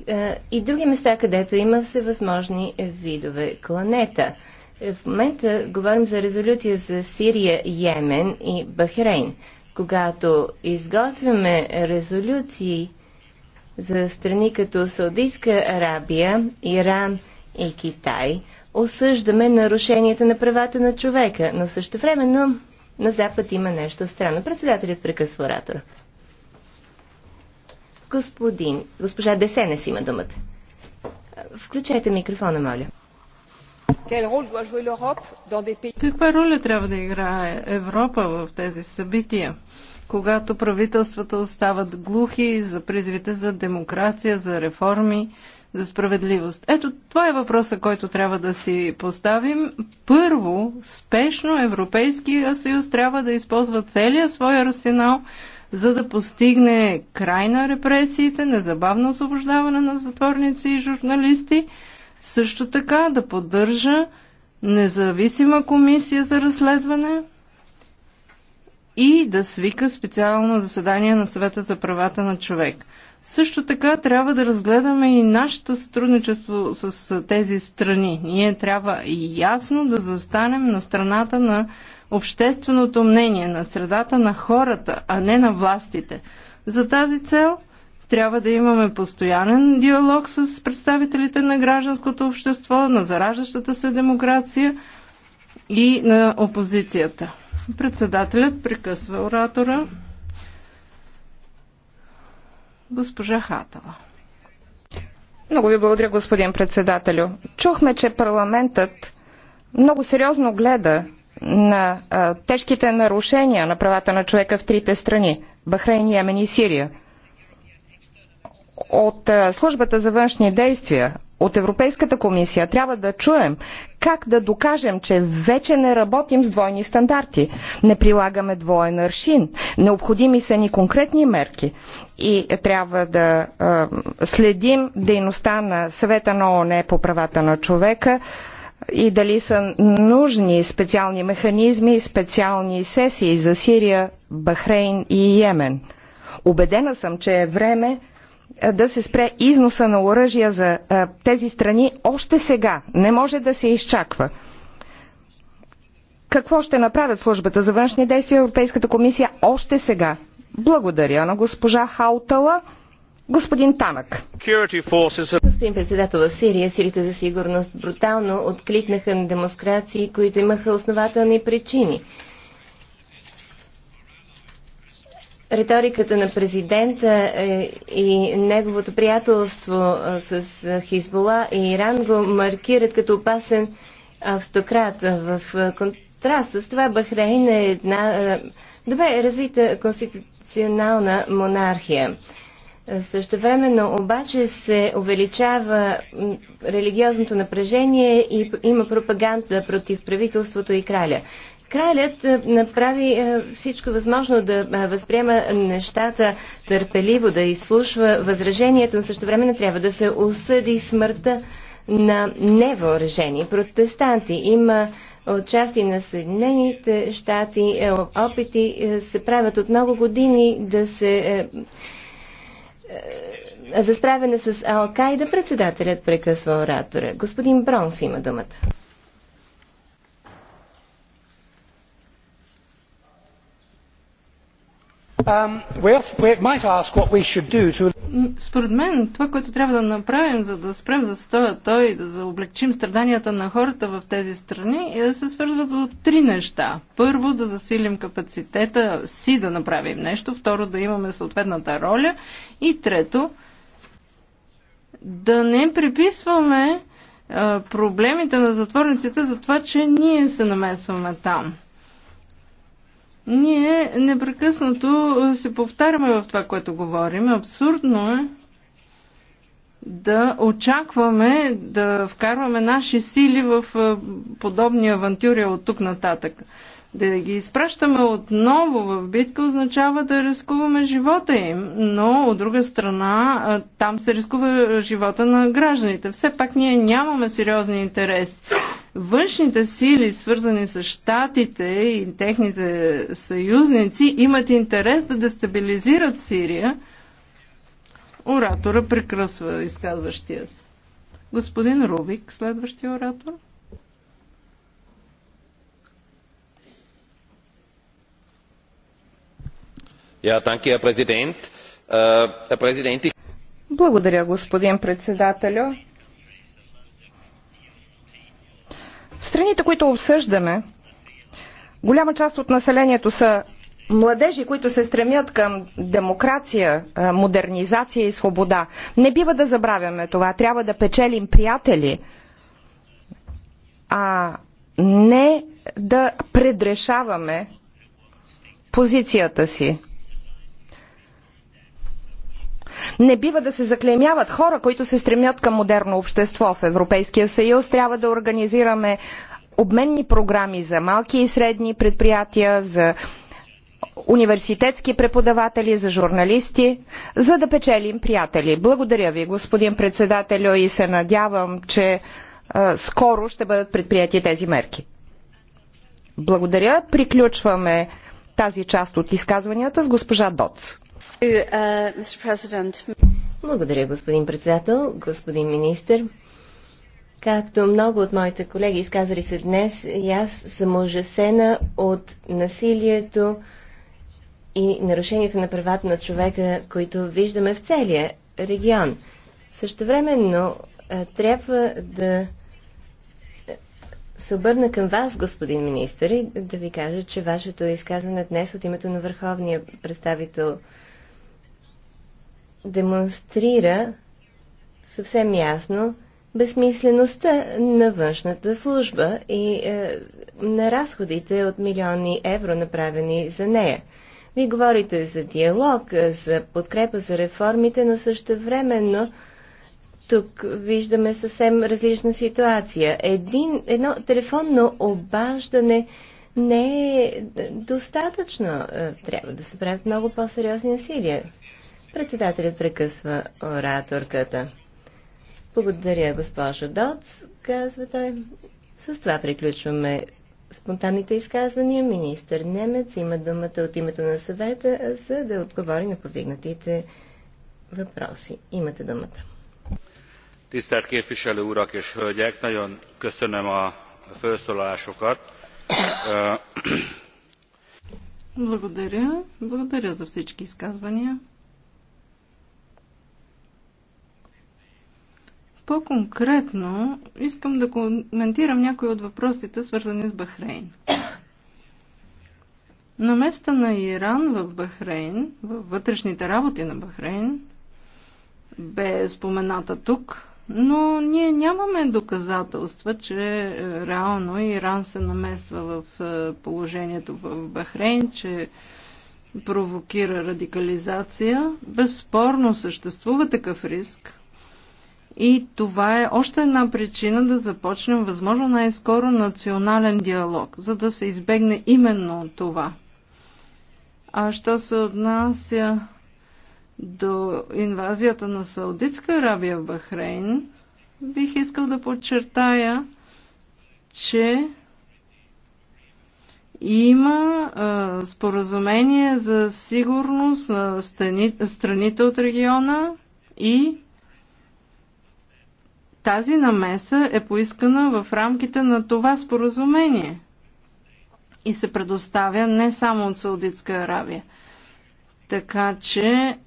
Е, и други места, където има всевъзможни видове кланета. Е, в момента говорим за резолюция за Сирия, Йемен и Бахрейн. Когато изготвяме резолюции за страни като Саудийска Арабия, Иран и Китай, осъждаме нарушенията на правата на човека, но също времено на Запад има нещо странно. Председателят прекъсва оратора. Господин, госпожа Десенес има думата. Включете микрофона, моля. Каква роля трябва да играе Европа в тези събития, когато правителствата остават глухи за призвите, за демокрация, за реформи, за справедливост? Ето, това е въпроса, който трябва да си поставим. Първо, спешно Европейския съюз трябва да използва целия свой арсенал – за да постигне край на репресиите, незабавно освобождаване на затворници и журналисти, също така да поддържа независима комисия за разследване и да свика специално заседание на съвета за правата на човек. Също така трябва да разгледаме и нашето сътрудничество с тези страни. Ние трябва ясно да застанем на страната на общественото мнение, на средата на хората, а не на властите. За тази цел трябва да имаме постоянен диалог с представителите на гражданското общество, на зараждащата се демокрация и на опозицията. Председателят прекъсва оратора госпожа Хатала. Много ви благодаря, господин председателю. Чухме, че парламентът много сериозно гледа на а, тежките нарушения на правата на човека в трите страни Бахрейн, Йемен и Сирия. От а, службата за външни действия, от Европейската комисия трябва да чуем как да докажем, че вече не работим с двойни стандарти, не прилагаме двоен аршин, необходими са ни конкретни мерки и трябва да а, следим дейността на съвета на ОНЕ по правата на човека, и дали са нужни специални механизми, специални сесии за Сирия, Бахрейн и Йемен. Обедена съм, че е време да се спре износа на оръжия за тези страни още сега. Не може да се изчаква. Какво ще направят службата за външни действия Европейската комисия още сега? Благодаря на госпожа Хаутала. Господин Танък. Господин председател, в Сирия силите за сигурност брутално откликнаха на демонстрации, които имаха основателни причини. Риториката на президента е, и неговото приятелство е, с е, Хизбола и Иран го маркират като опасен автократ. В контраст с това Бахрейн е една добре развита конституционална монархия. Също Същевременно обаче се увеличава религиозното напрежение и има пропаганда против правителството и краля. Кралят е, направи е, всичко възможно да е, възприема нещата търпеливо, да изслушва възражението, но също време трябва да се осъди смъртта на невъоръжени протестанти. Има отчасти на Съединените щати опити се правят от много години да се за справяне с Ал-Кайда председателят прекъсва оратора. Господин Бронс има думата. Um, според мен, това, което трябва да направим, за да спрем застоя той и да заоблегчим страданията на хората в тези страни, е да се свързва до три неща. Първо, да засилим капацитета си да направим нещо. Второ, да имаме съответната роля. И трето, да не приписваме проблемите на затворниците за това, че ние се намесваме там. Ние непрекъснато се повтаряме в това, което говорим. Абсурдно е да очакваме да вкарваме наши сили в подобни авантюри от тук нататък. Да ги изпращаме отново в битка означава да рискуваме живота им, но от друга страна там се рискува живота на гражданите. Все пак ние нямаме сериозни интереси външните сили, свързани с щатите и техните съюзници, имат интерес да дестабилизират Сирия, оратора прекръсва изказващия се. Господин Рубик, следващия оратор. Yeah, you, Herr President. Uh, äh, Herr Благодаря, господин председателю. В страните, които обсъждаме, голяма част от населението са младежи, които се стремят към демокрация, модернизация и свобода. Не бива да забравяме това. Трябва да печелим приятели, а не да предрешаваме позицията си. Не бива да се заклемяват хора, които се стремят към модерно общество в Европейския съюз. Трябва да организираме обменни програми за малки и средни предприятия, за университетски преподаватели, за журналисти, за да печелим приятели. Благодаря ви, господин председателю, и се надявам, че а, скоро ще бъдат предприяти тези мерки. Благодаря. Приключваме тази част от изказванията с госпожа Доц. Е, е, Благодаря, господин председател, господин министр. Както много от моите колеги изказали се днес, и аз съм ужасена от насилието и нарушенията на правата на човека, които виждаме в целия регион. Също Същевременно е, трябва да се обърна към вас, господин министър, и да ви кажа, че вашето изказване днес от името на върховния представител демонстрира съвсем ясно безмислеността на външната служба и е, на разходите от милиони евро направени за нея. Вие говорите за диалог, за подкрепа за реформите, но също времено тук виждаме съвсем различна ситуация. Един, едно телефонно обаждане не е достатъчно. Е, трябва да се правят много по-сериозни усилия. Председателят прекъсва ораторката. Благодаря, госпожо Доц, казва той. С това приключваме спонтанните изказвания. Министър Немец има думата от името на съвета, за да отговори на повдигнатите въпроси. Имате думата. Tisztelt képviselő urak és hölgyek, nagyon köszönöm a felszólalásokat. Благодаря. Благодаря за всички изказвания. По-конкретно искам да коментирам някои от въпросите, свързани с Бахрейн. На места на Иран в Бахрейн, във вътрешните работи на Бахрейн, бе спомената тук, но ние нямаме доказателства, че е, реално Иран се намества в е, положението в Бахрейн, че провокира радикализация. Безспорно съществува такъв риск, и това е още една причина да започнем възможно най-скоро национален диалог, за да се избегне именно това. А що се отнася до инвазията на Саудитска Арабия в Бахрейн, бих искал да подчертая, че има а, споразумение за сигурност на страни, страните от региона и тази намеса е поискана в рамките на това споразумение и се предоставя не само от Саудитска Аравия. Така че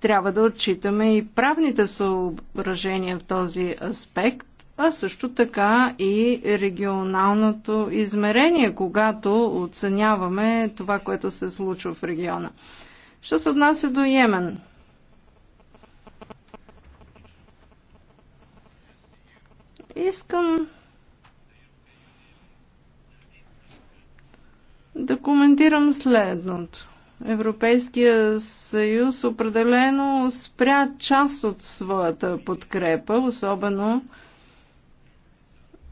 трябва да отчитаме и правните съображения в този аспект, а също така и регионалното измерение, когато оценяваме това, което се случва в региона. Що се отнася до Йемен? Искам да коментирам следното. Европейския съюз определено спря част от своята подкрепа, особено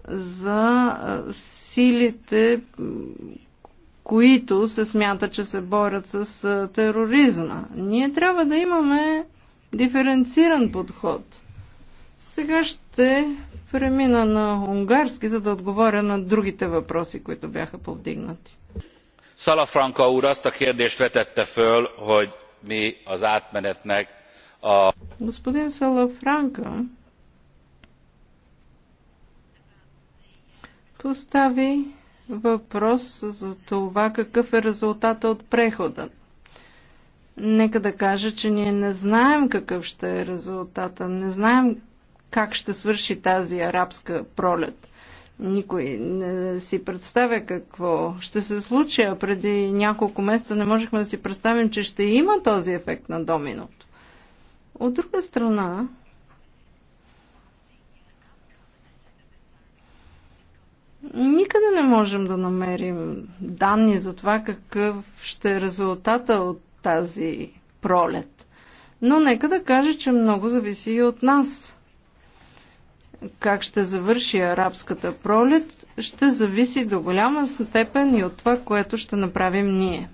за силите, които се смята, че се борят с тероризма. Ние трябва да имаме диференциран подход. Сега ще премина на унгарски, за да отговоря на другите въпроси, които бяха повдигнати. Salafranca úr azt a kérdést vetette föl, hogy mi az átmenetnek a... Господин Салафранка постави въпрос за това какъв е резултата от прехода. Нека да кажа, че ние не знаем какъв ще е резултата, не знаем как ще свърши тази арабска пролет. Никой не си представя какво ще се случи, а преди няколко месеца не можехме да си представим, че ще има този ефект на доминото. От друга страна, Никъде не можем да намерим данни за това какъв ще е резултата от тази пролет. Но нека да кажа, че много зависи и от нас как ще завърши арабската пролет, ще зависи до голяма степен и от това, което ще направим ние.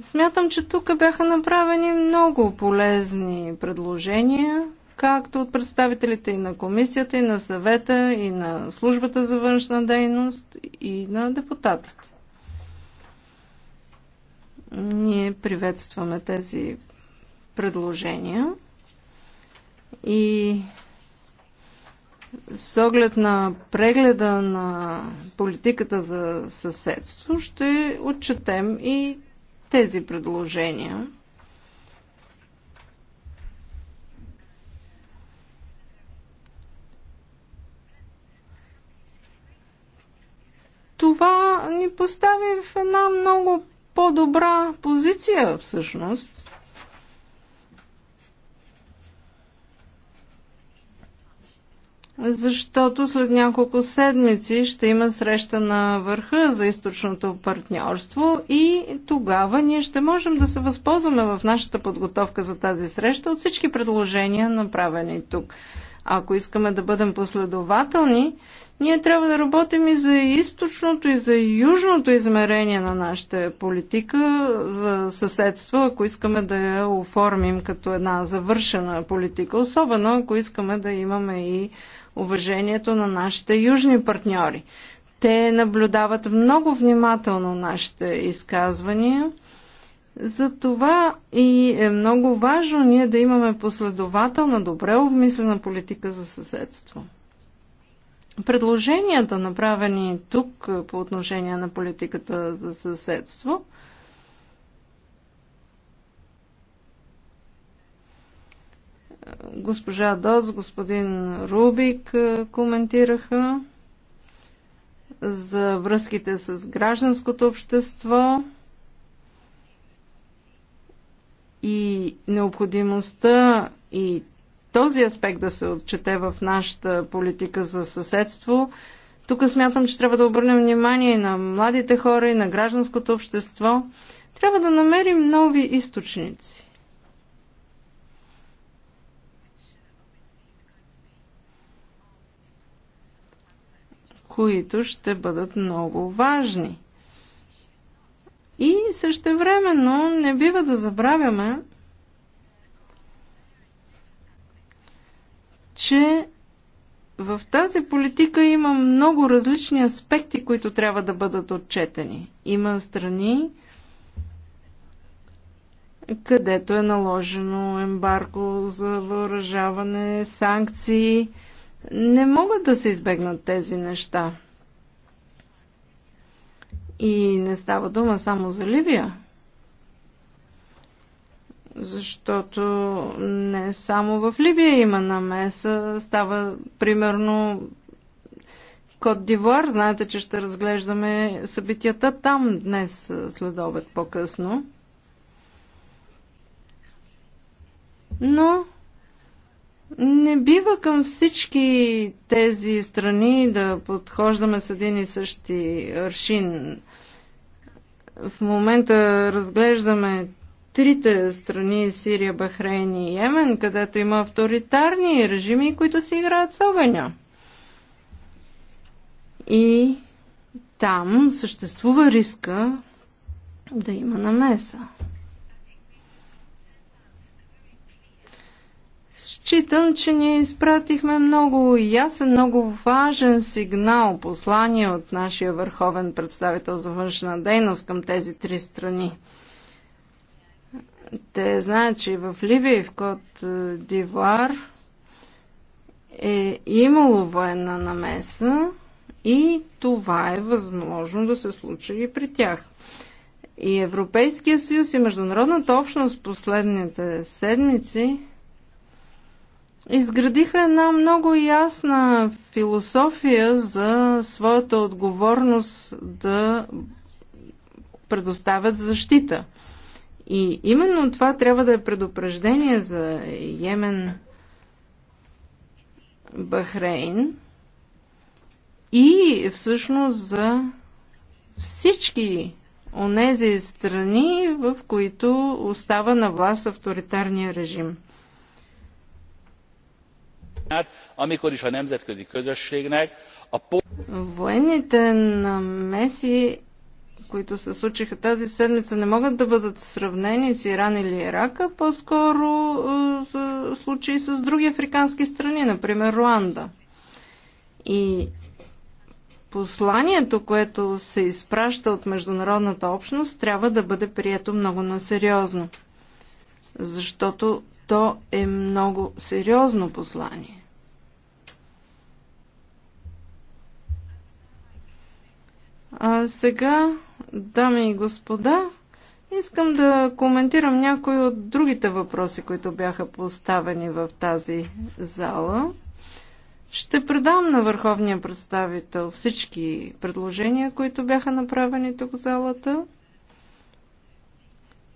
Смятам, че тук бяха направени много полезни предложения, както от представителите и на комисията, и на съвета, и на службата за външна дейност, и на депутатите. Ние приветстваме тези предложения и с оглед на прегледа на политиката за съседство ще отчетем и тези предложения. Това ни постави в една много по-добра позиция всъщност. защото след няколко седмици ще има среща на върха за източното партньорство и тогава ние ще можем да се възползваме в нашата подготовка за тази среща от всички предложения, направени тук. Ако искаме да бъдем последователни, ние трябва да работим и за източното, и за южното измерение на нашата политика за съседство, ако искаме да я оформим като една завършена политика, особено ако искаме да имаме и уважението на нашите южни партньори. Те наблюдават много внимателно нашите изказвания за това и е много важно ние да имаме последователна, добре обмислена политика за съседство. Предложенията, направени тук е, по отношение на политиката за съседство, госпожа Доц, господин Рубик е, коментираха за връзките с гражданското общество и необходимостта и този аспект да се отчете в нашата политика за съседство. Тук смятам, че трябва да обърнем внимание и на младите хора, и на гражданското общество. Трябва да намерим нови източници. които ще бъдат много важни. И същевременно не бива да забравяме, че в тази политика има много различни аспекти, които трябва да бъдат отчетени. Има страни, където е наложено ембарго за въоръжаване, санкции. Не могат да се избегнат тези неща. И не става дума само за Либия, защото не само в Либия има намеса, става примерно Кот Дивуар. Знаете, че ще разглеждаме събитията там днес след обед по-късно. Но не бива към всички тези страни да подхождаме с един и същи аршин. В момента разглеждаме трите страни Сирия, Бахрейн и Йемен, където има авторитарни режими, които си играят с огъня. И там съществува риска да има намеса. Считам, че ние изпратихме много ясен, много важен сигнал, послание от нашия върховен представител за външна дейност към тези три страни. Те знаят, че и в Ливия и в Кот Дивуар е имало военна намеса и това е възможно да се случи и при тях. И Европейския съюз и международната общност последните седмици изградиха една много ясна философия за своята отговорност да предоставят защита. И именно това трябва да е предупреждение за Йемен, Бахрейн и всъщност за всички онези страни, в които остава на власт авторитарния режим amikor is a nemzetközi közösségnek a... Военните меси, които се случиха тази седмица, не могат да бъдат сравнени с Иран или Ирака, по-скоро е, случаи с други африкански страни, например Руанда. И посланието, което се изпраща от международната общност, трябва да бъде прието много насериозно. Защото то е много сериозно послание. А сега, дами и господа, искам да коментирам някои от другите въпроси, които бяха поставени в тази зала. Ще предам на върховния представител всички предложения, които бяха направени тук в залата.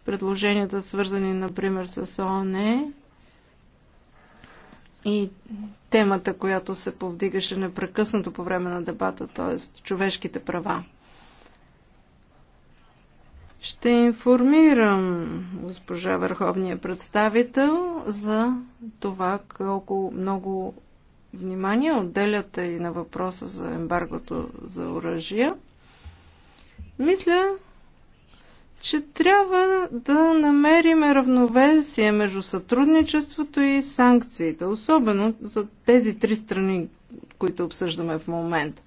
Предложенията свързани, например, с ООН и темата, която се повдигаше непрекъснато по време на дебата, т.е. човешките права. Ще информирам госпожа Върховния представител за това колко много внимание отделяте и на въпроса за ембаргото за оръжия. Мисля, че трябва да намерим равновесие между сътрудничеството и санкциите, особено за тези три страни, които обсъждаме в момента.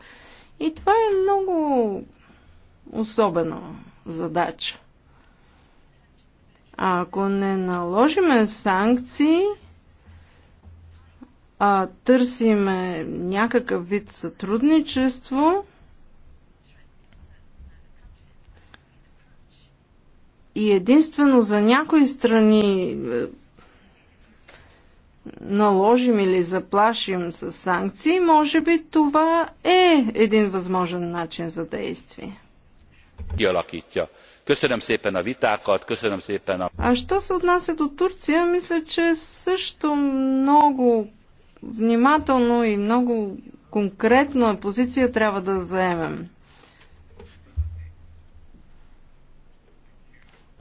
И това е много особено задача. А ако не наложиме санкции, а търсиме някакъв вид сътрудничество, и единствено за някои страни е, наложим или заплашим с санкции, може би това е един възможен начин за действие kialaktja. Köszönöm szépen a vitákat, köszönöm szépen a... А що се отнася до Турция, мисля, че също много внимателно и много конкретно е позиция трябва да заемем.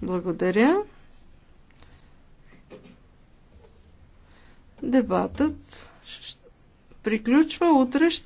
Благодаря. Дебатът приключва утре. Ще